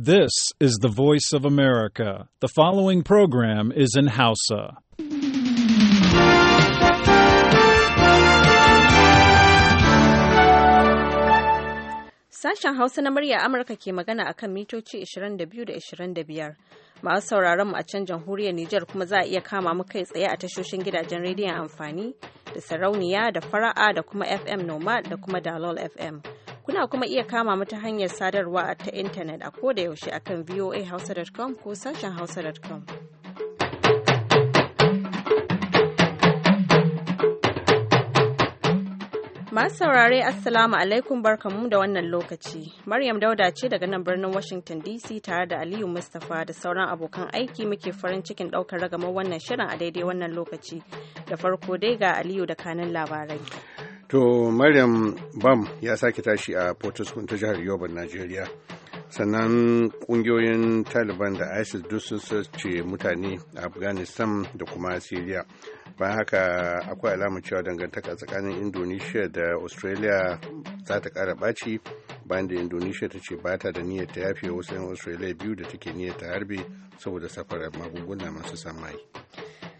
This is the voice of America. The following program is in Hausa. Sashen Hausa na murya Amurka ke magana a kan mitoci 22 da 25. Masu mu a can jamhuriyar Nijar kuma za a iya kama mu kai tsaye a tashoshin gidajen rediyon amfani da sarauniya da fara'a da kuma FM nomad da kuma Dalol FM. Kuna kuma iya kama mata hanyar sadarwa ta intanet a koda yaushe akan hausa.com ko sashen hausa.com. Masu saurare Assalamu alaikum barkamu da wannan lokaci. Maryam Dauda ce daga nan birnin Washington DC tare da Aliyu Mustapha da sauran abokan aiki muke farin cikin daukar ragamar wannan shirin a daidai wannan lokaci. Da farko dai ga Aliyu da kanin labarai. To Maryam Bam ya sake tashi a Portiskum ta jihar Yobe, Najeriya. Sannan kungiyoyin Taliban da ISIS duk sun ce mutane a Afghanistan da kuma Syria. bayan haka akwai alamar cewa dangantaka tsakanin indonesia da australia za ta kara baci bayan da indonesia ta ce ba ta da niyyar ta yafe wasu 'yan australia biyu da take niyyar ta harbe saboda safarar magunguna masu samai.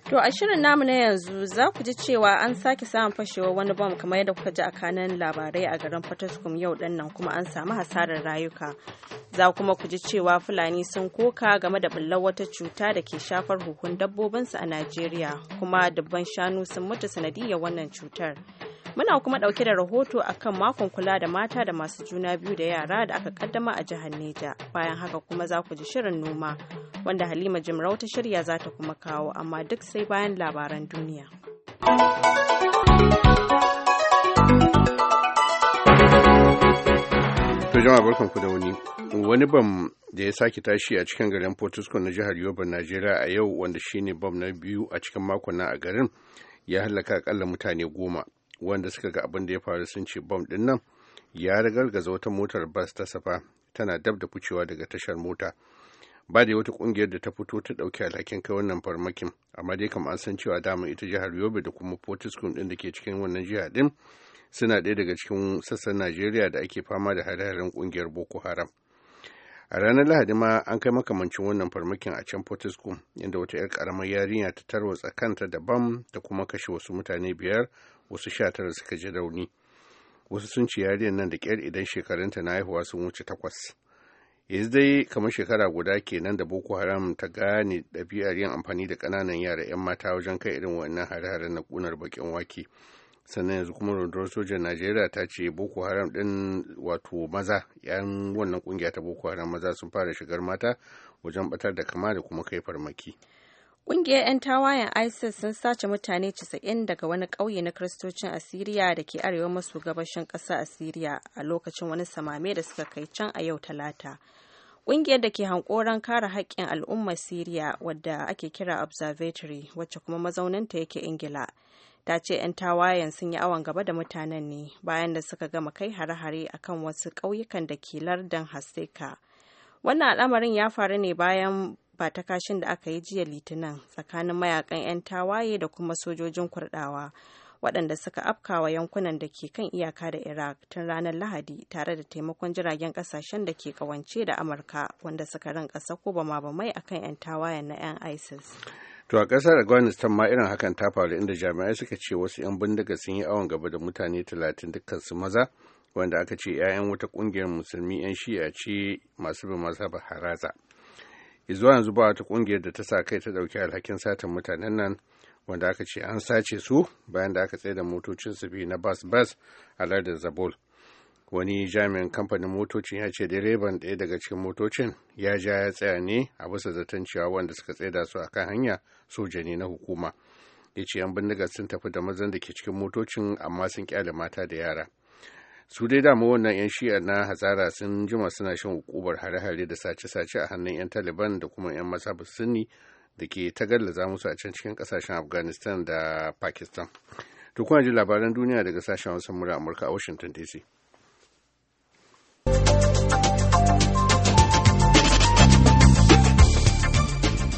To a shirin namu na yanzu za ku ji cewa an sake samun fashewa wani bom kamar yadda kuka ji a kanan labarai a garin Fatoskum yau ɗan nan kuma an samu hasarar rayuka. Za kuma ku ji cewa Fulani sun koka game da bullar wata cuta da ke shafar huhun dabbobinsu a Najeriya kuma dubban shanu sun mutu sanadiyar wannan cutar. Muna kuma ɗauke da rahoto a kan makon kula da mata da masu juna biyu da yara da aka kaddama a jihar Neja. Bayan haka kuma za ku ji shirin noma wanda Halima Jimrau ta shirya za ta kuma kawo amma duk sai bayan labaran duniya. To jama'a ku da wani wani bam da ya sake tashi a cikin garin Portisco na jihar Yobe Najeriya a yau wanda shine bam na biyu a cikin makon na a garin ya halaka akalla mutane goma wanda suka ga abin da ya faru sun ce bom ɗin nan ya ragargaza wata motar bas ta safa tana dab da ficewa daga tashar mota ba da wata kungiyar da ta fito ta ɗauki alhakin kai wannan farmakin amma dai kama an san cewa dama ita jihar yobe da kuma fortiskum ɗin da ke cikin wannan jiha ɗin suna ɗaya daga cikin sassan najeriya da ake fama da hare-haren kungiyar boko haram a ranar lahadi ma an kai makamancin wannan farmakin a can fortiskum inda wata 'yar karamar yarinya ta tarwatsa kanta da bam da kuma kashe wasu mutane biyar wasu sha tara suka ji rauni wasu sun ci yariyar nan da ƙyar idan shekarunta na haihuwa sun wuce takwas yanzu dai kamar shekara guda kenan da boko haram ta gane ɗabi'ar yin amfani da ƙananan yara 'yan mata wajen kai irin wannan hare-haren na ƙunar baƙin wake sannan yanzu kuma rundunar sojan najeriya ta ce boko haram ɗin wato maza 'yan wannan ƙungiya ta boko haram maza sun fara shigar mata wajen batar da kama da kuma kai farmaki Ƙungiyar 'yan tawayen ISIS sun sace mutane 90 daga wani ƙauye na Kiristocin Asiriya da ke arewa maso gabashin ƙasa Asiriya a lokacin wani samame da suka kai can a yau Talata. Ƙungiyar da ke hankoran kare haƙƙin al'umma Siriya wadda ake kira Observatory wacce kuma mazauninta yake Ingila. Ta ce 'yan tawayen sun yi awon gaba da mutanen ne bayan da suka gama kai hare-hare akan wasu ƙauyukan da ke lardin Haseka. Wannan al'amarin ya faru ne bayan ba ta kashin da aka yi jiya litinin tsakanin mayakan 'yan tawaye da kuma sojojin kurdawa waɗanda suka afkawa yankunan da ke kan iyaka da iraq tun ranar lahadi tare da taimakon jiragen ƙasashen da ke kawance da amurka wanda suka ba ba bama bamai akan 'yan tawayen na 'yan isis to a ƙasar afghanistan ma irin hakan ta faru inda jami'ai suka ce wasu 'yan bindiga sun yi awon gaba da mutane talatin dukkan su maza wanda aka ce 'ya'yan wata ƙungiyar musulmi 'yan shi'a ce masu bin mazhabar haraza zuwa yanzu ba wata kungiyar da ta sa kai ta dauki alhakin satin mutanen nan wanda aka ce an sace su bayan da aka tsaye da motocin su biyu na bas bas a lardin zabol wani jami'in kamfanin motocin ya ce direban ɗaya daga cikin motocin ya ja ya tsaya ne a bisa zaton cewa wanda suka tsada su a kan hanya soja ne na hukuma ya ce 'yan bindigar sun tafi da mazan da ke cikin motocin amma sun kyale mata da yara su dai dama wannan 'yan shi'a na hazara sun jima suna shan hukumar hare-hare da sace-sace a hannun 'yan taliban da kuma 'yan masabar sunni da ke tagallaza musu a can cikin kasashen afghanistan da pakistan to kuna ji labaran duniya daga sashen wasan mura amurka a washington dc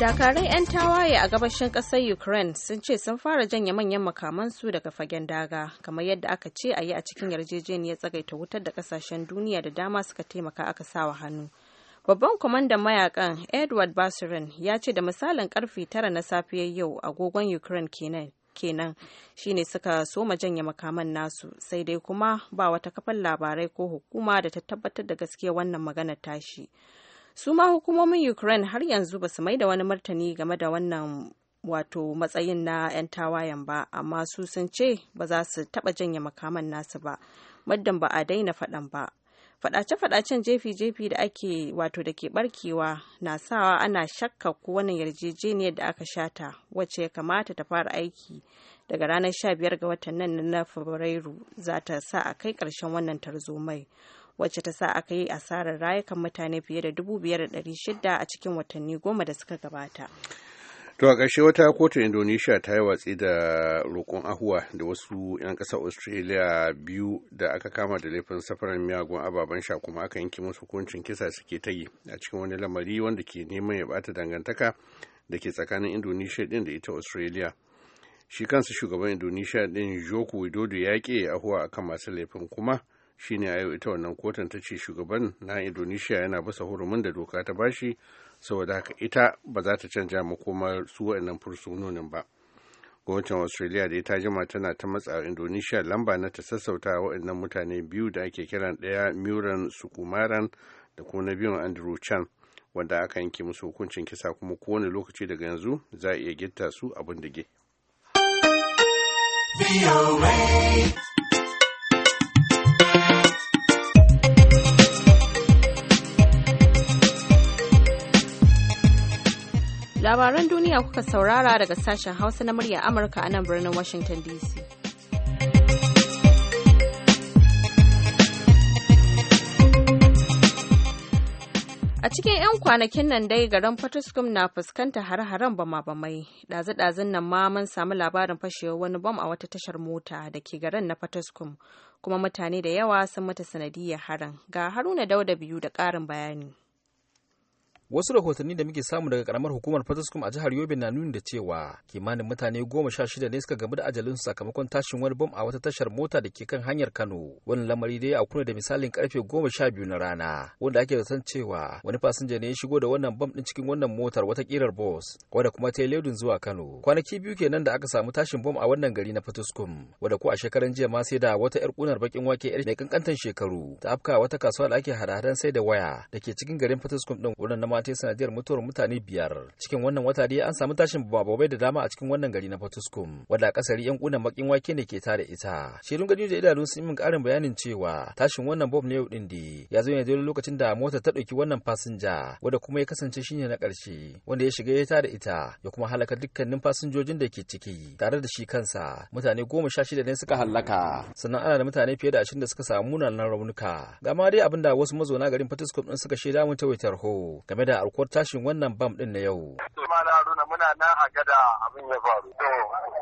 Dakarun 'yan tawaye a gabashin ƙasar Ukraine sun ce sun fara janye manyan makamansu daga fagen daga, kamar yadda aka ce a yi a cikin yarjejeniyar tsagaita wutar da kasashen duniya da dama suka taimaka aka sawa hannu. Babban kwamandan mayakan Edward Basirin ya ce da misalin karfe tara na safiyar yau agogon Ukraine kenan kenan shine suka soma janye makaman nasu sai dai kuma ba wata kafar labarai ko hukuma da ta tabbatar da gaskiya wannan magana tashi. su ma hukumomin ukraine har yanzu ba su mai da wani martani game da wannan wato matsayin na 'yan tawayen ba amma su sun ce ba za su taba janye makaman nasu ba muddin ba a daina faɗan ba faɗace-faɗacen jefi-jefi da ake wato da ke barkewa na sawa ana shakka ko wani yarjejeniyar da aka shata wacce ya kamata ta fara aiki daga ranar 15 ga watan nan na fabrairu za ta sa a kai karshen wannan tarzomai. mai wacce ta sa aka yi asarar rayukan mutane fiye da 5,600 a cikin watanni goma da suka gabata. To a ƙarshe wata kotun Indonesia ta yi watsi da roƙon ahuwa da wasu 'yan ƙasar Australia biyu da aka kama da laifin safaran miyagun ababen sha kuma aka yanke musu hukuncin kisa suke ta yi a cikin wani lamari wanda ke neman ya bata dangantaka da ke tsakanin Indonesia ɗin da ita Australia. Shi kansa shugaban Indonesia ɗin Joko Widodo ya ƙi ahuwa akan masu laifin kuma shine a yau ita wannan kotun ta ce shugaban na indonesia yana basa hurumin da doka ta bashi saboda haka ita ba za ta canja makomar su waɗannan fursunonin ba gwamnatin australia da ita jima tana ta matsa indonesia lamba na ta sassauta waɗannan mutane biyu da ake kiran ɗaya muran sukumaran da kuma na biyun andrew chan wanda aka yanke musu hukuncin kisa kuma kowane lokaci daga yanzu za a iya gitta su abin dige. Labaran duniya kuka saurara daga sashen Hausa na murya Amurka a nan birnin Washington DC. A cikin 'yan kwanakin nan dai garin Fatuskum na fuskanta har-haren bama-bamai. Ɗazu-ɗazun nan ma mun samu labarin fashewar wani bam a wata tashar mota da ke garin na Fatuskum, kuma mutane da yawa sun mata sanadiyar harin. Ga Haruna Dauda biyu da ƙarin bayani. wasu rahotanni da muke samu daga karamar hukumar fataskum a jihar yobe na nuni da cewa kimanin mutane goma sha shida ne suka gamu da ajalin sakamakon tashin wani bom a wata tashar mota da ke kan hanyar kano wani lamari dai a kuna da misalin karfe goma sha biyu na rana wanda ake san cewa wani fasinja ne ya shigo da wannan bom din cikin wannan motar wata kirar bos wadda kuma ta yi zuwa kano kwanaki biyu kenan da aka samu tashin bom a wannan gari na fataskum wadda ko a shekaran jiya ma sai da wata yar kunar bakin wake yar mai kankantan shekaru ta afka wata kasuwa da ake hada-hadan sai da waya da ke cikin garin fataskum din wurin na kuma ta sanadiyar mutuwar mutane biyar cikin wannan wata dai an samu tashin bababai da dama a cikin wannan gari na fatuskum wadda kasari yan kunan bakin wake ne ke tare ita shirin gani da idanu sun yi min karin bayanin cewa tashin wannan bob ne yau da ya zo ne dole lokacin da mota ta dauki wannan fasinja wanda kuma ya kasance shine na karshe wanda ya shiga ya tare ita ya kuma halaka dukkanin fasinjojin da ke ciki tare da shi kansa mutane goma sha shida ne suka hallaka sannan ana da mutane fiye da ashirin da suka samu munanan raunuka ga ma dai abinda wasu mazauna garin fatuskum din suka shaida mun ta ho game da da arkuwar tashin wannan bam din na yau. mala Haruna muna nan a gada abin ya faru. To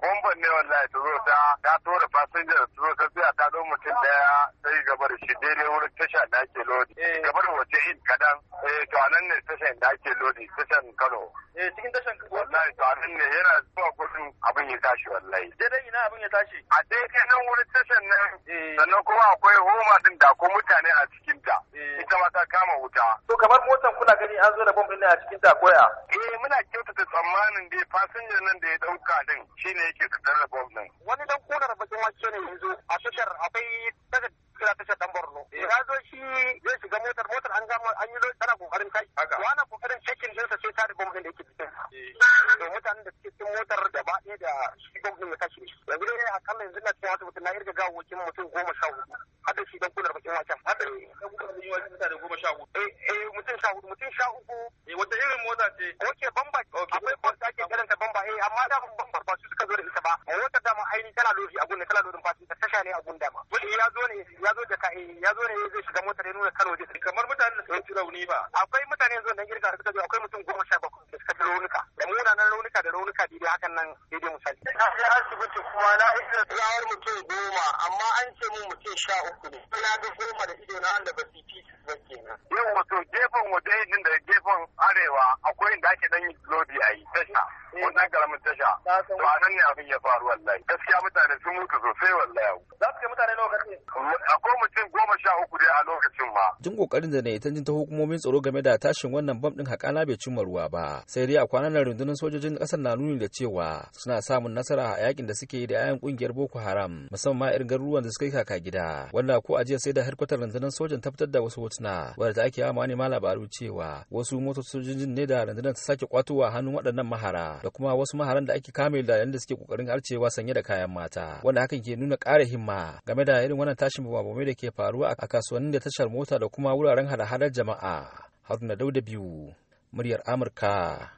bomban ne wallahi ta zo ta ta tura fasinjar ta zo ta tsaya ta mutum daya sai gabar shi daidai wurin tasha da ake lodi gabar eh. waje in kadan eh to anan ne tasha da ake lodi tashan Kano eh cikin tashan Kano wallahi to anan ne yana zuwa gurin abin ya tashi wallahi daidai ina abin ya tashi a daidai nan wurin tashan nan eh. sannan kuma akwai homa din da ko mutane a cikin ta eh. ita ma ta kama wuta to kamar motan kuna gani an zo da bomb din a cikin ta koya eh muna kyautata tsammanin dai fasinjan nan da ya dauka din shine yake fitar da bomb din wani dan kunar bakin wacce ne yanzu a tashar akwai kira ta dan borno eh. ya zo shi zai shiga motar motar an gama an yi tana kokarin kai wani kokarin cikin jinsa sai ta da bom din da yake jikin eh. to mutanen da suke cikin motar da ba ɗaya da shi bom din ya tashi yanzu dai a kalla yanzu na cikin wata mutum na irga gawokin mutum goma sha hudu hada shi dan kular bakin wacan hada mutane goma sha hudu eh, eh mutum sha hudu mutum sha uku eh wata irin mota ce ok bamba akwai bamba ake kiranta bamba eh amma da bamba ba su suka zo da ita ba mota ainihin tana lodi a gunda tana lodin ta tasha ne a gunda dama wani ya zo ne ya zo da ka eh, ya zo ne zai shiga motar ya nuna kano kamar mutanen da suka ji rauni ba akwai mutane yanzu nan girka suka zo akwai mutum goma sha bakwai da suka ji raunuka nan raunuka da raunuka daidai hakan nan daidai misali. Na je asibiti kuma na isa gawar mutum goma amma an ce mun mutum sha uku ne. Na ga goma da ido na wanda ba su su ba kenan. Yau wato gefen waje din da gefen arewa akwai inda ake dan lodi a yi tasha. Eh. Wannan karamin tasha. To a nan ne abin ya faru wallahi. Gaskiya mutane sun mutu sosai wallahi. Za su mutane lokaci. Akwai mutum goma sha uku dai a lokacin ma. Jin kokarin da na yi ta hukumomin tsaro game da tashin wannan bam din na bai cimma ruwa ba. Sai dai a kwanan nan rundunar sojojin kasar na nuni da cewa suna samun nasara a yakin da suke yi da yayan kungiyar boko haram musamman irin garuruwan da suka yi kaka gida wanda ko a jiya sai da harkwatar rundunar sojan ta da wasu hotuna wadda ta ake yawa ma labaru cewa wasu motar sojojin ne da rundunar ta sake kwatowa hannun waɗannan mahara da kuma wasu maharan da ake kame da yanda suke kokarin arcewa sanye da kayan mata wanda hakan ke nuna ƙara himma game da irin wannan tashin bamabamai da ke faruwa a kasuwannin da tashar mota da kuma wuraren hada-hadar jama'a haruna dauda biyu muryar amurka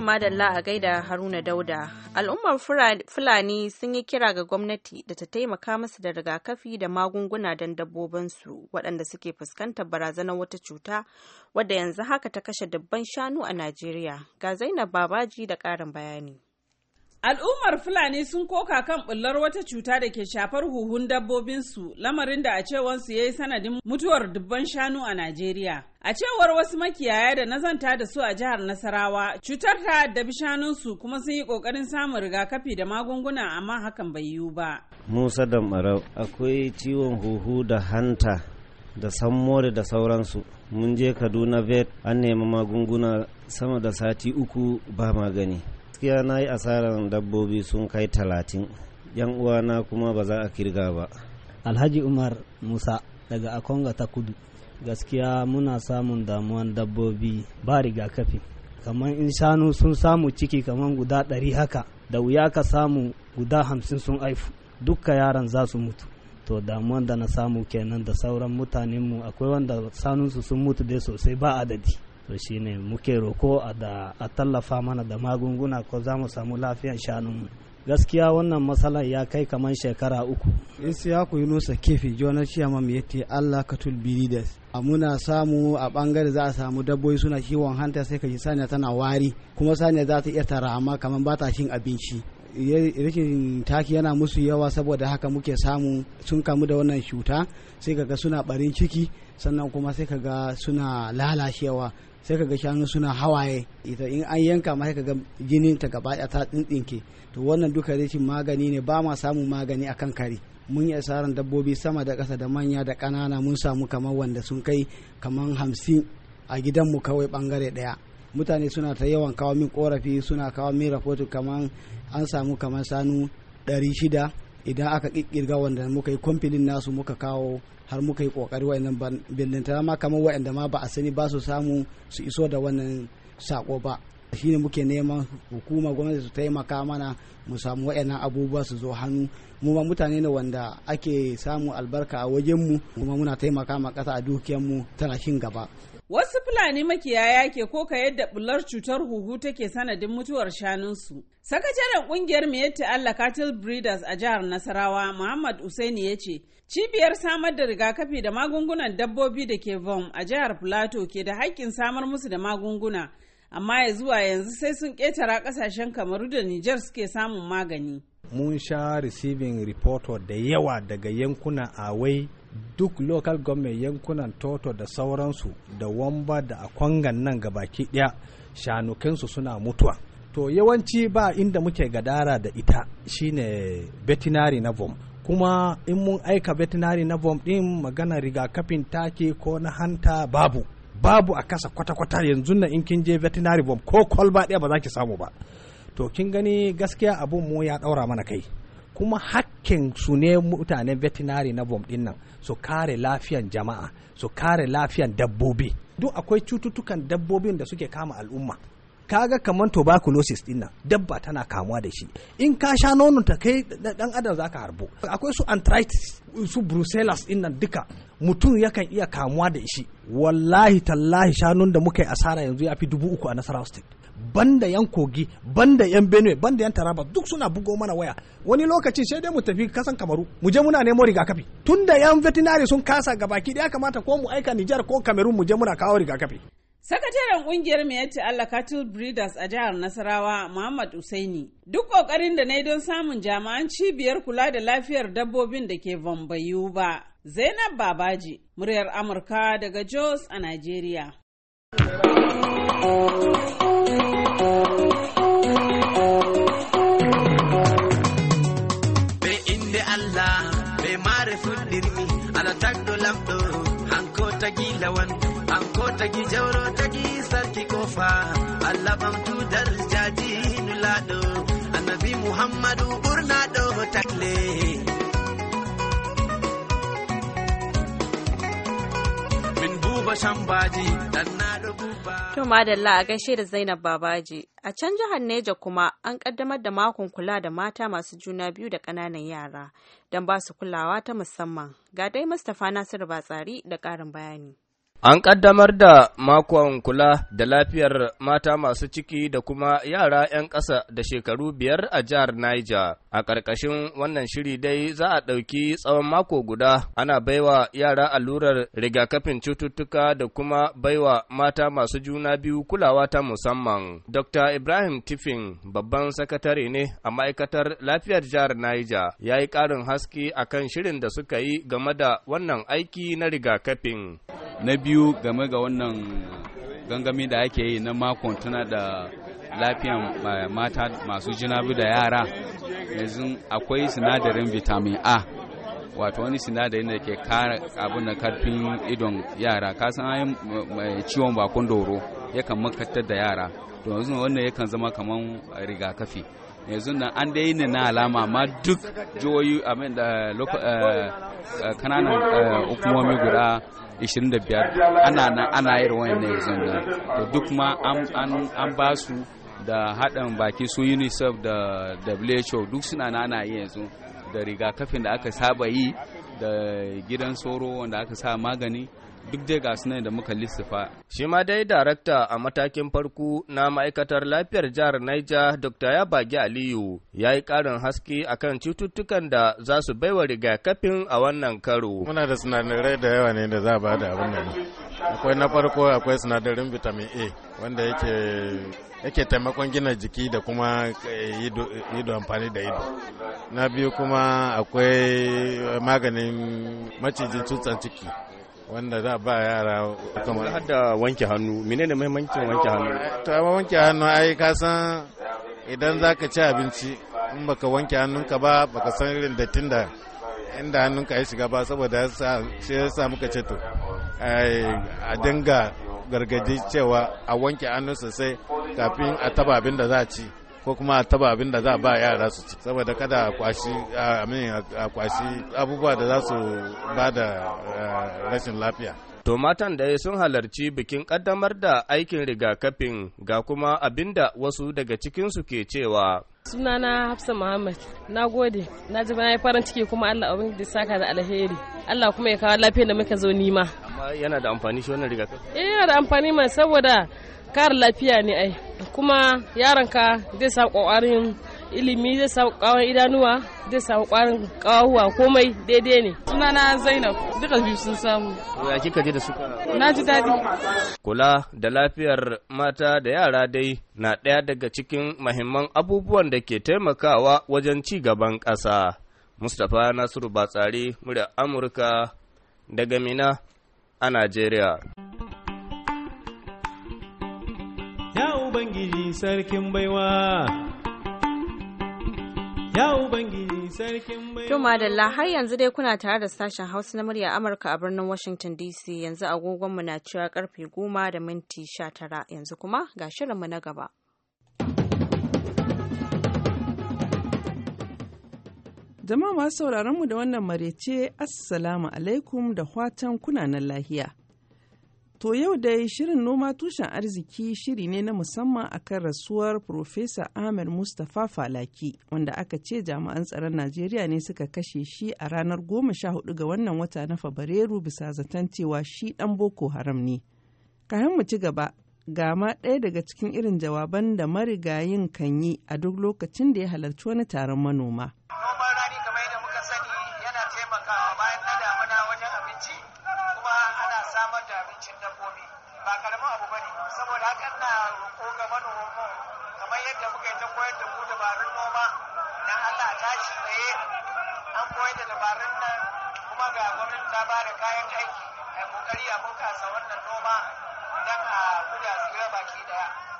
To madalla a gaida Haruna Dauda. Al'ummar Fulani sun yi kira ga gwamnati da ta taimaka masu da rigakafi da magunguna don dabbobinsu waɗanda suke fuskantar barazanar wata cuta wadda yanzu haka ta kashe dubban shanu a Najeriya. Ga Zainab Babaji da ƙarin bayani. Al'ummar Fulani sun koka kan bullar wata cuta da ke shafar huhun dabbobinsu lamarin da a cewansu ya yi sanadin mutuwar dubban shanu a Najeriya. A cewar wasu makiyaya da nazanta da su a jihar Nasarawa, cutar ta addabi shanunsu kuma sun yi ƙoƙarin samun rigakafi da magunguna amma hakan bai yiwu ba. Musa da Marau, akwai ciwon huhu da hanta da sammore da sauransu. Mun je Kaduna Vet an nemi magunguna sama da sati uku ba magani. gaskiya na yi asarar dabbobi sun kai talatin yan uwana kuma ba za a kirga ba alhaji umar musa daga akonga ta kudu gaskiya muna samun damuwan dabbobi ba rigakafi kamar in shanu sun samu ciki kamar guda ɗari haka da wuya ka samu guda hamsin sun aifu dukka yaran za su mutu to damuwan da na samu kenan da sauran mutanenmu akwai wanda sanunsu sun mutu dai sosai ba adadi to shine muke roko da a tallafa mana da magunguna ko za mu samu lafiyan shanunmu gaskiya wannan matsalar ya kai kamar shekara uku in siya ku nusa yunusa kefi shi ciyaman mu ce allah katul biridas a muna samu a bangare za a samu dabbobi suna kiwon hanta sai ka ji saniya tana wari kuma saniya za ta iya tarama kamar ba ta cin abinci rikin taki yana musu yawa saboda haka muke samu sun kamu da wannan cuta sai kaga suna barin ciki sannan kuma sai kaga suna lalashewa sai ka ga shanu suna hawaye ita in an yanka ma sai ka ga jinin ta gaba ta tsintsinke to wannan duka rashin magani ne ba ma samun magani akan kare mun yi asaran dabbobi sama da ƙasa da manya da ƙanana mun samu kamar wanda sun kai kamar hamsin a gidan mu kawai bangare ɗaya mutane suna ta yawan kawo min korafi suna kawo min rahoto kamar an samu kamar sanu ɗari shida idan aka kirkirga wanda muka yi kwamfilin nasu muka kawo har muka yi kokari wa'annan billintana ma kamar wa'anda ma ba a sani ba su samu su iso da wannan sako ba shine muke neman hukuma gwamnati su taimaka mana mu samu wa'annan abubuwa su zo hannu mu ma mutane ne wanda ake samu albarka a wajen mu kuma muna taimaka ma ƙasa a mu tana shin gaba Wasu Fulani makiyaya ke koka yadda bular cutar huhu take sanadin mutuwar shanunsu. Sakataren kungiyar Miyetti Allah Cattle Breeders a jihar Nasarawa, Muhammad Usaini ya ce, Cibiyar samar da rigakafi da magungunan dabbobi da ke VOM a jihar Plateau ke da haƙƙin samar musu da magunguna, amma ya zuwa yanzu sai sun ƙetara ƙasashen kamaru da Nijar suke samun magani. Mun sha receiving report da yawa daga yankuna awai duk local government yankunan toto da sauransu da wamba da akwangan nan baki ɗaya shanukansu suna mutuwa to yawanci ba inda muke gadara da ita shine veterinary na vom kuma in mun aika veterinary na vom din, magana rigakafin take ko na hanta babu babu a kasa kwata-kwata yanzu na in kin je veterinary vom ko kwalba ɗaya ba za ki samu ba to kin gani gaskiya abun mu ya ɗaura mana kai kuma hakkin su ne mutanen veterinary na bom din nan su kare lafiyan jama'a su kare lafiyan dabbobi duk akwai cututtukan dabbobin da suke kama al'umma kaga kamar tuberculosis din nan dabba tana kamuwa da shi in ka sha nonon ta kai dan adam zaka harbo akwai su arthritis su brucellosis din nan duka mutum yakan iya kamuwa da shi wallahi tallahi shanun da muka yi asara yanzu ya fi dubu uku a nasarawa state banda yan kogi banda yan benue banda yan taraba duk suna bugo mana waya wani lokaci sai dai mu tafi kasan kamaru mu je muna nemo rigakafi tunda yan veterinary sun kasa gabaki da ya kamata ko mu aika nijar ko kamerun mu je muna kawo rigakafi Sakataren kungiyar Miyetti Allah Cattle Breeders a jihar Nasarawa Muhammad Usaini duk kokarin da na yi don samun jami'an cibiyar kula da lafiyar dabbobin da ke bambayu ba. Zainab Babaji, muryar Amurka daga Jos a Najeriya. lamɗo hanko tagi lawan hanko tagi jawro tagi sarki kofa allah ɓamtu darjaji nulaɗo annabi muhammadu ɓurnaɗo takle min buba shambaji ɗan To madalla a gaishe da Zainab Babaji. A can jihar Neja kuma an kaddamar da makon kula da mata masu juna biyu da ƙananan yara don ba su kulawa ta musamman. Ga dai Mustapha Nasiru Batsari da ƙarin bayani. An ƙaddamar da makon kula da lafiyar mata masu ciki da kuma yara ‘yan ƙasa da shekaru biyar a jihar Niger. A ƙarƙashin wannan shiri dai za a ɗauki tsawon mako guda ana baiwa yara allurar rigakafin cututtuka da kuma baiwa mata masu juna biyu kulawa ta musamman. Dr. Ibrahim Tiffin, babban sakatare ne a ma'aikatar lafiyar jihar Niger, ya yi ƙarin haske akan shirin da suka yi game da wannan aiki na rigakafin. Na biyu game ga wannan gangami da ake yi na makon tana da lafiyan eh, mata masu jina da yara yanzu akwai sinadarin vitamin a wato wani sinadarin da ke kara abin da karfin idon yara kasan ayi mai eh, ciwon bakon doro yakan makatar da yara to yanzu wannan yakan zama kamar rigakafi yanzu nan an dai ne na alama ma duk joyi amin da eh, kananan hukumomi guda 25 ana nan ana yin ne zanga to duk ma an ba su da haɗin baki su unicef da who duk suna na ana yi yanzu da rigakafin da aka saba yi da gidan soro wanda aka sa magani duk dai ga sunan da muka lissafa. Shi ma dai darakta a matakin farko na ma'aikatar lafiyar jihar Naija Dr. Yabagi Aliyu ya yi ƙarin haske akan cututtukan da za su baiwa rigakafin a wannan karo. Muna da sinadarai da yawa ne da za a bada abin nan. Akwai na farko akwai sinadarin vitamin A wanda yake yake taimakon gina jiki da kuma eh, ido amfani da ido. Na biyu kuma akwai maganin macijin tutsan ciki. wanda za ba yara kamar har da wanke hannu menene muhimmancin wanke hannu to amma wanke hannu ai ka san idan zaka ci abinci in baka wanke hannunka ba baka san irin da da inda hannunka ya shiga ba saboda sai ya sa muka ce to a dinga gargadi cewa a wanke hannu sosai kafin a taba abin da za a ci ko kuma taba abin da za a ba yara su ci saboda kada a kwashi abubuwa da za su ba da eh, rashin lafiya Tomatan da da sun halarci bikin ƙaddamar da aikin rigakafin ga kuma abin da wasu daga cikinsu ke cewa. Sunana Hafsa Muhammad, na gode, na ji bana farin ciki kuma Allah abin da saka da alheri. Allah kuma ya kawo lafiyar da muka zo nima. Amma yana da amfani shi wannan rigakafin? Eh yana da amfani mai saboda kar lafiya ne ai kuma yaranka zai sa ƙwaƙwarin ilimi zai samu ƙawar idanuwa zai samu ƙwarin kawuwa komai daidai ne sunana zainab duka biyu sun samu ya kika ji da su na ji daɗi kula da lafiyar mata da yara dai na ɗaya daga cikin mahimman abubuwan da ke taimakawa wajen ci gaban ƙasa mustapha nasiru batsari murya amurka daga mina a najeriya Ya Ubangiji sarkin baiwa. Ya Ubangiji sarkin baiwa. Tuma da har yanzu dai kuna tare da sashen Hausa na murya Amurka a birnin Washington DC yanzu agogonmu na cewa karfe goma da minti sha yanzu kuma ga shirinmu na gaba. Jama'a masu sauraronmu da wannan marece Assalamu alaikum da fatan kunanan lahiya. To yau dai shirin noma tushen arziki shiri ne na musamman akan rasuwar Profesa Ahmed Mustapha Falaki wanda aka ce jami'an tsaron Najeriya ne suka kashe shi a ranar goma sha hudu ga wannan wata na Fabrairu bisa zaton cewa shi ɗan Boko Haram ne. Kayan mu ci gaba, ga ma ɗaya daga cikin irin jawaban da marigayin kan yi a duk lokacin da ya halarci wani taron manoma. abincin dabbobi ba karamin abu ba ne saboda haka na roƙo ga manoma kamar yadda muka yi ta koyar da mu dabarun noma na Allah tashi tsaye an koyar da dabarun nan kuma ga gwamnati ta ba da kayan aiki a kokari a bunƙasa wannan noma don a guda tsira baki daya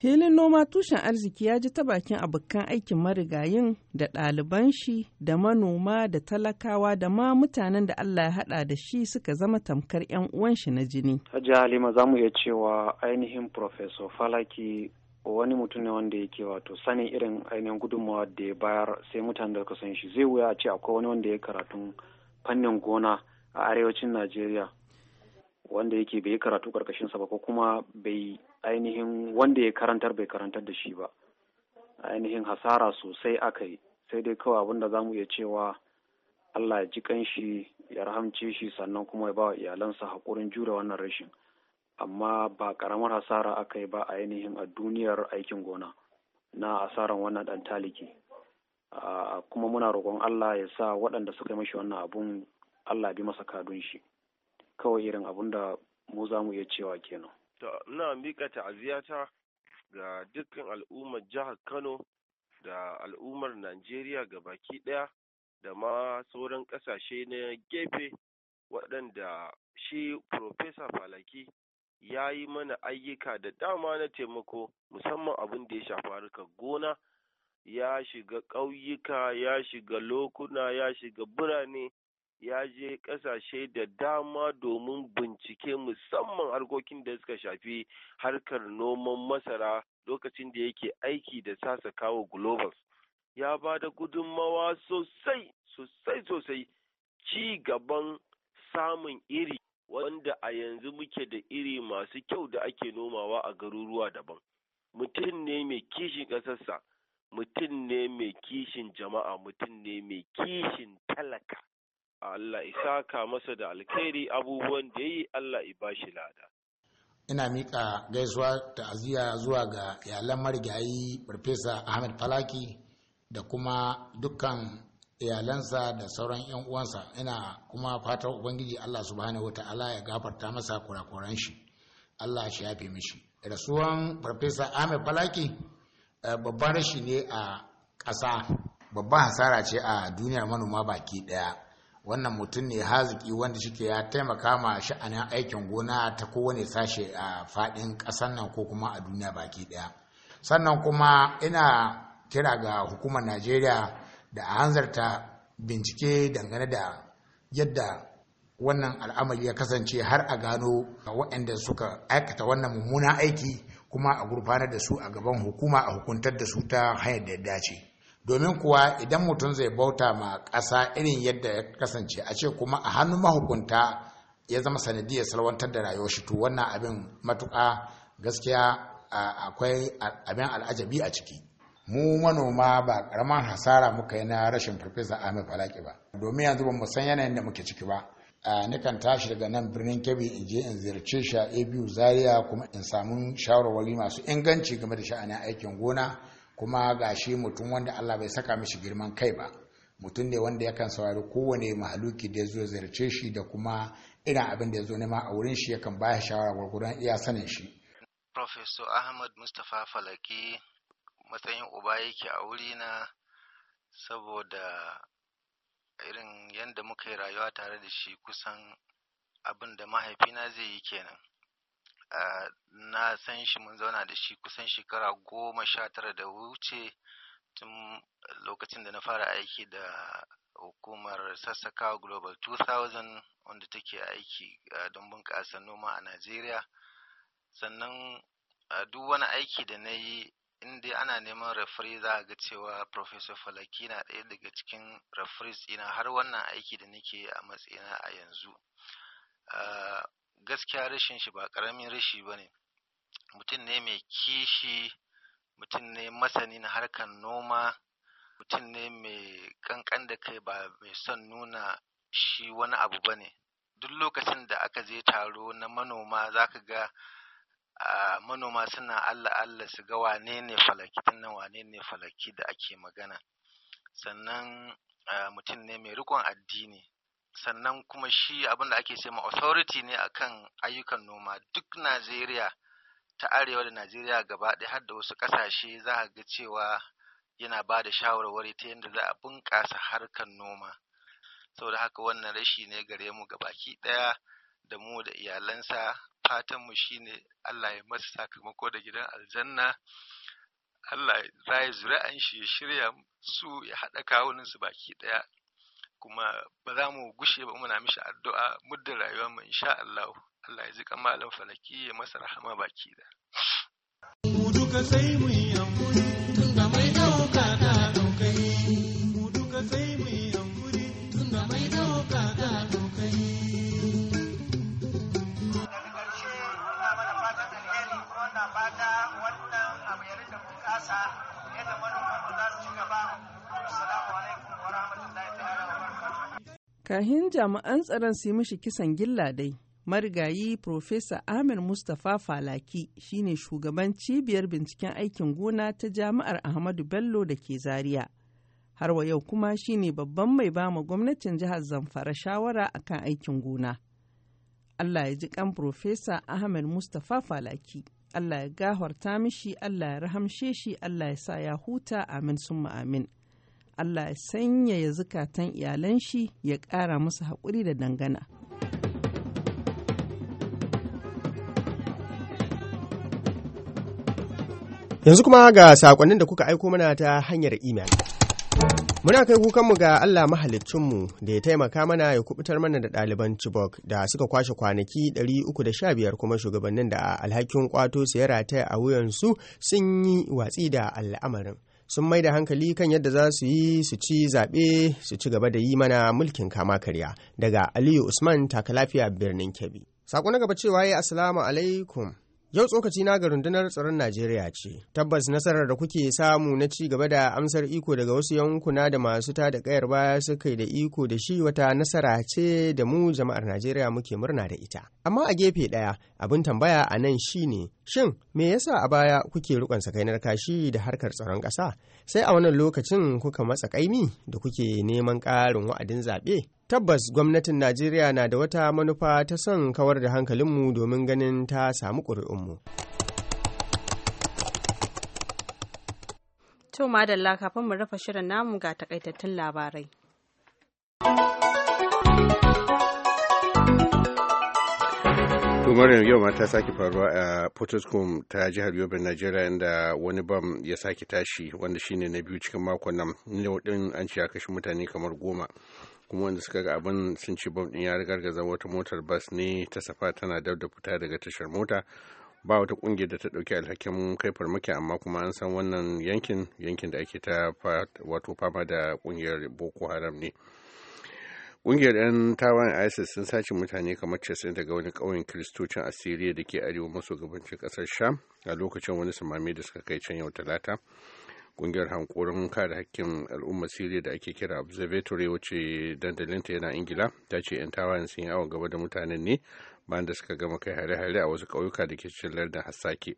Filin noma tushen arziki ya ji ta bakin abokan aikin marigayin da ɗaliban shi da manoma da talakawa da ma mutanen da Allah ya haɗa da shi suka zama tamkar 'yan uwan shi na jini. Hajji Halima za mu iya cewa ainihin Professor Falaki wani mutum ne wanda yake wato sanin irin ainihin gudunmawa da ya bayar sai mutanen da san shi zai wuya a ce akwai wani wanda ya karatu fannin gona a arewacin Najeriya wanda yake bai karatu karkashin sa ba ko kuma bai ainihin wanda ya karantar bai karantar da shi ba ainihin hasara sosai aka yi sai dai kawai abinda za mu iya cewa Allah ya ji kanshi ya rahamce shi sannan kuma ya ba wa iyalansa haƙurin jure wannan rashin amma ba ƙaramar hasara aka yi ba a ainihin a duniyar aikin gona na asaran wannan ɗan taliki kuma muna roƙon Allah ya sa waɗanda suka yi mashi wannan abun Allah bi masa kadun shi kawai irin abun da mu za mu iya cewa kenan To, ina miƙa ta'aziyata ga dukkan al'ummar jihar Kano da al'ummar Najeriya baki ɗaya da ma sauran ƙasashe na gefe waɗanda shi Profesa Falaki ya yi mana ayyuka da dama na taimako musamman abin da ya shafi harkar gona ya shiga ƙauyuka ya shiga lokuna ya shiga birane ya je ƙasashe da dama domin bincike musamman harkokin da suka shafi harkar noman masara lokacin da yake aiki da sasa kawo global ya ba da gudunmawa sosai sosai sosai ci gaban samun iri wanda a yanzu muke da iri masu kyau da ake nomawa a garuruwa daban mutum ne mai kishin ƙasarsa mutum ne mai kishin jama'a mutum ne mai kishin talaka Allah isaka masa da alkhairi abubuwan da yi Allah i bashi lada. Ina miƙa gaisuwa ta'aziyya zuwa ga iyalan marigayi Farfesa Ahmed Falaki da kuma dukkan iyalansa da sauran 'yan uwansa ina kuma fatan Ubangiji Allah subhanahu wa ta'ala ya gafarta masa kurakuran shi Allah shi yafe mishi. Rasuwan Farfesa Ahmed Falaki eh, babban rashi ne a ƙasa babban hasara ce a duniyar manoma baki ɗaya. wannan mutum ne haziki wanda shike ya taimaka ma sha'anin aikin gona ta kowane sashe a faɗin ƙasar nan ko kuma a duniya baki ɗaya sannan kuma ina kira ga hukumar najeriya da a hanzarta bincike dangane da yadda wannan al'amari ya kasance har a gano waɗanda suka aikata wannan mummunan aiki kuma a gurfanar da su a gaban hukuma a hukuntar da su ta hanyar da ya dace domin kuwa idan mutum zai bauta ma ƙasa irin yadda ya kasance a ce kuma a hannun mahukunta ya zama sanadiyar salwantar da rayuwar shi to wannan abin matuƙa gaskiya akwai abin al'ajabi a ciki mu manoma ba karaman hasara muka yi na rashin farfesa ahmed falaki ba domin yanzu ba mu san yanayin da muke ciki ba nikan tashi daga nan birnin kebbi in je in ziyarci shi a abu zaria kuma in samu shawarwari masu inganci game da sha'anin aikin gona kuma ga shi mutum wanda Allah bai saka mishi girman kai ba mutum ne wanda yakan saurari kowane mahaluki da ya zo zarce shi da kuma irin abin da ya zo nema a wurin shi yakan baya shawara gwargwadon iya sanin shi. Professor Ahmad Mustapha Falaki matsayin uba yake a wuri na? saboda irin yadda muka yi rayuwa tare da shi kusan abin da mahaifina zai yi kenan. Eh, na san shi mun zauna da shi kusan shekara goma sha tara da wuce tun lokacin da na fara aiki da hukumar sassaka global 2000 wanda take aiki eh, don bunƙasa noma a najeriya sannan eh, duk wani aiki da na yi inda ana neman referee za a ga cewa professor falaki na ɗaya daga cikin referees ina har wannan aiki da nake a matsayina a yanzu gaskiya rashin shi ba karamin rashi ba ne mutum ne mai kishi mutum ne masanin harkar noma mutum ne mai kankan da kai ba mai son nuna shi wani abu ba ne duk lokacin da aka je taro na manoma za ka ga manoma suna allah allah su ga wane ne falaki nan wane ne falaki da ake magana sannan mutum ne mai rikon addini sannan kuma shi abinda da ake ce ma authority ne akan ayyukan noma duk Najeriya ta arewa da Najeriya gaba ɗaya har da wasu ƙasashe za a ga cewa yana ba da shawarwari ta yadda za a bunƙasa harkar noma saboda haka wannan rashi ne gare mu baki ɗaya da mu da iyalansa fatan mu shine Allah ya masa sakamako da gidan aljanna Allah ya zuri'an shi ya shirya su ya haɗa kawunan baki ɗaya kuma ba za mu gushe ba muna mishi addu'a muddin rayuwa mu insha Allah Allah ya zika malam falaki ya masa rahama baki da mu duka sai mu yi hankuri tunda mai dauka ta daukai mu duka sai mu yi hankuri tunda mai dauka ta daukai fata wannan abu ya rinda bunƙasa yadda manoman ba za su ci gaba. Assalamu alaikum wa rahmatullahi ta'ala wa Kahin jami'an tsaron su yi mishi kisan gilla dai. marigayi Profesa Amir Mustapha Falaki shine shugaban cibiyar binciken aikin gona ta Jami'ar Ahmadu Bello da ke Zaria. Har wa yau kuma shine babban mai bama gwamnatin jihar Zamfara shawara akan aikin gona. Allah ya ji kan Profesa Ahmed Mustapha Falaki. Allah ya gahwarta mishi, Allah ya rahamshe shi, Allah ya sa ya huta, amin summa amin. Allah ya sanyaya zukatan iyalan shi ya ƙara musu haƙuri da dangana. Yanzu kuma ga saƙonnin da kuka aiko mana ta hanyar imel. Muna kai kukanmu ga Allah mahalicinmu da ya taimaka mana ya kubutar mana da ɗaliban Chibok da suka kwashe kwanaki 315 kuma shugabannin da alhakin kwato su ta a wuyansu sun yi watsi da al'amarin. sun mai da hankali kan yadda za su yi su ci zaɓe su ci gaba da yi mana mulkin kama karya daga aliyu usman takalafiya birnin kebbi sako na gaba cewa ya asalamu alaikum Yau tsokaci na ga rundunar tsaron Najeriya ce, tabbas nasarar da kuke samu na ci gaba da amsar iko daga wasu yankuna da masu ta da kayar baya suka da iko da shi wata nasara ce da mu jama'ar Najeriya muke murna da ita. Amma a gefe ɗaya abin tambaya a nan shi ne, shin me yasa a baya kuke rikon sakainar kashi da harkar tsaron ƙasa sai a wannan lokacin kuka matsa kaimi da kuke neman ƙarin wa'adin zaɓe? Tabbas gwamnatin Najeriya na da wata manufa ta son kawar da hankalinmu domin ganin ta samu ƙuri'unmu. To madalla kafin mu rufe shirin namu ga takaitattun labarai. Tumarin yau ma ta sake faruwa a Potoskum ta jihar Yobe, Najeriya inda wani bam ya sake tashi wanda shine na biyu cikin makon nan. ne an ce ya kashe mutane kamar goma. kuma wanda suka ga abin sun ci bom din ya rigargaza wata motar bas ne ta safa tana dab da fita daga tashar mota ba wata kungiyar da ta dauki alhakin kai farmaki amma kuma an san wannan yankin yankin da ake ta wato fama da kungiyar boko haram ne Ƙungiyar 'yan tawayen ISIS sun sace mutane kamar 90 daga wani ƙauyen Kiristocin Asiriya da ke arewa maso gabancin ƙasar Sham a lokacin wani samami da suka kai can yau Talata. kungiyar hankorin kare hakkin al'umma siriya da ake kira observatory wacce dandalinta yana ingila ta ce 'yan tawayen sun yi awon gaba da mutanen ne bayan da suka gama kai hare-hare a wasu ƙauyuka da ke cikin lardin hassaki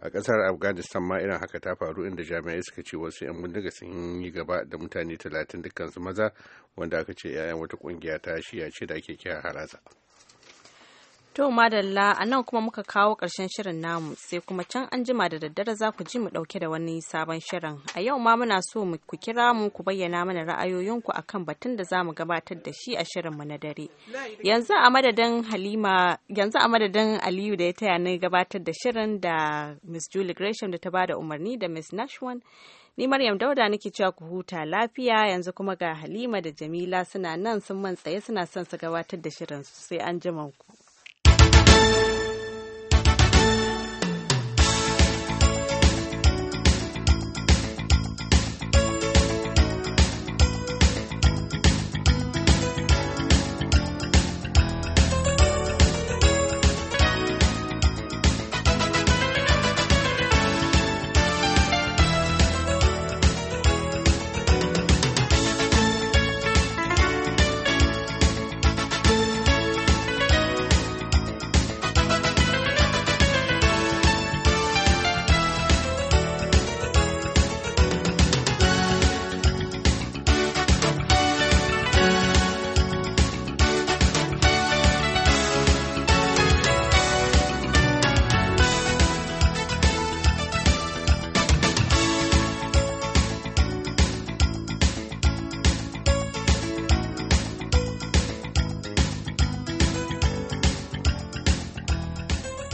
a ƙasar afghanistan ma irin haka ta faru inda jami'ai suka ce wasu 'yan bindiga sun yi gaba da mutane talatin dukkansu maza wanda aka ce 'ya'yan wata ƙungiya ta shiya ce da ake kira harasa. To madalla a nan kuma muka kawo ƙarshen shirin namu sai kuma can an jima da daddare za ku ji mu ɗauke da wani sabon shirin. A yau ma muna so ku kira mu ku bayyana mana ra'ayoyinku akan batun da za mu gabatar da shi a shirin mu na dare. Yanzu a madadin Halima yanzu a madadin Aliyu da ya taya ni gabatar da shirin da Miss Julie Gresham da ta bada umarni da Miss Nashwan. Ni Maryam Dauda nake cewa ku huta lafiya yanzu kuma ga Halima da Jamila suna nan sun man tsaye suna son su gabatar da shirin sai an jima ku.